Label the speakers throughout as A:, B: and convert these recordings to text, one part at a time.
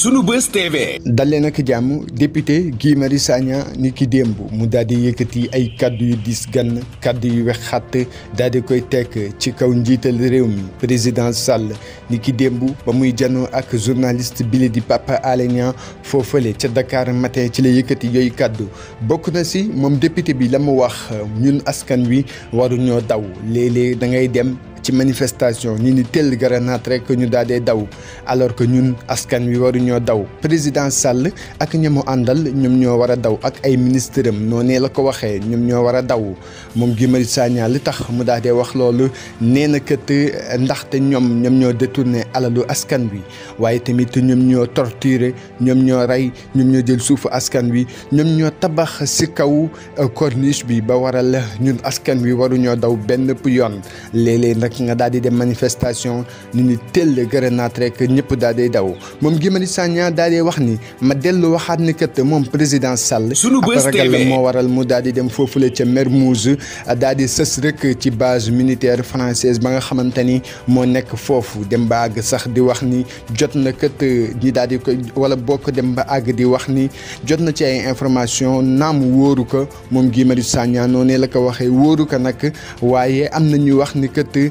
A: sunu bës TV. dalee nag jàmm député Guy Marius Sagna ni ki démb mu daal di yëkkati ay kaddu yu diis gann kaddu yu wex xàtt daal di koy tekk ci kaw njiital réew mi président Sall ni ki démb ba muy janoo ak journaliste bile di Papa Alé Niang foofale ca dakaar matin ci la yëkkati yooyu kàddu bokk na si moom député bi la mu wax ñun askan wi waruñoo daw léeg-léeg da ngay dem. ci manifestation ñu ni tell grenade rek ñu daal dee daw alors que ñun askan wi waruñoo daw président Sall ak ñamu àndal ñoom ñoo war a daw ak ay ministre am noonee la ko waxee ñoom ñoo war a daw moom Guy Marius Sagna li tax mu daal dee wax loolu nee na kët ndaxte ñoom ñoom ñoo détourné alalu askan wi waaye tamit ñoom ñoo torturé ñoom ñoo rey ñoom ñoo jël suufu askan wi ñoom ñoo tabax si kaw euh, corniche bi ba waral ñun askan wi waruñoo daw benn yoon léeg-léeg nag nga daal di dem manifestation ni ñu teel a rek ñëpp daal di daw moom Guy Marius Sagna daal di wax ni ma dellu waxaat ni kat moom président Sall. sunu bés ragal la moo waral mu daal di dem foofule ca Mermoz daal di sës rek ci base militaire française ba nga xamante ni moo nekk foofu dem ba àgg sax di wax ni jot na kat ñi daal di ko wala bokk dem ba àgg di wax ni jot na ci ay information naam wóoru ko moom gii ma Marius Sagna noonee la ko waxee wóoru ko nag waaye am na ñu wax ni kat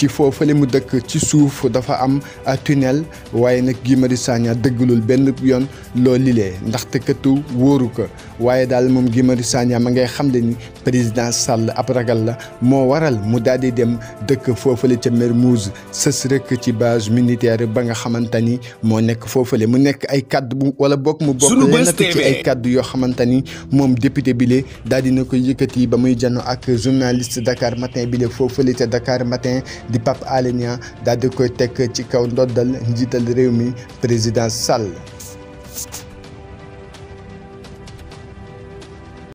A: ci foofale mu dëkk ci suuf dafa am euh, tunnel waaye nag Guy Marius Sagna dëggalul benn yoon loo lilee ndax këtu wóoru ko waaye daal moom Guy Marius Sagna ma ngay xam le ni président Sall ab ragal la moo waral mu daal di dem dëkk foofu foofale ca Mermoz sës rek ci base militaire ba nga xamante ni moo nekk foofu foofale mu nekk ay kaddu bu wala bokk mu bokk lenn ci ay kaddu yoo xamante ni moom député bi le daal dina ko yëkkati ba muy jano ak journaliste Dakar Matin bi le foofale ca Matin di Pape Alé Niang daal di koy tekk ci kaw ndoddal njiital réew mi président Sall.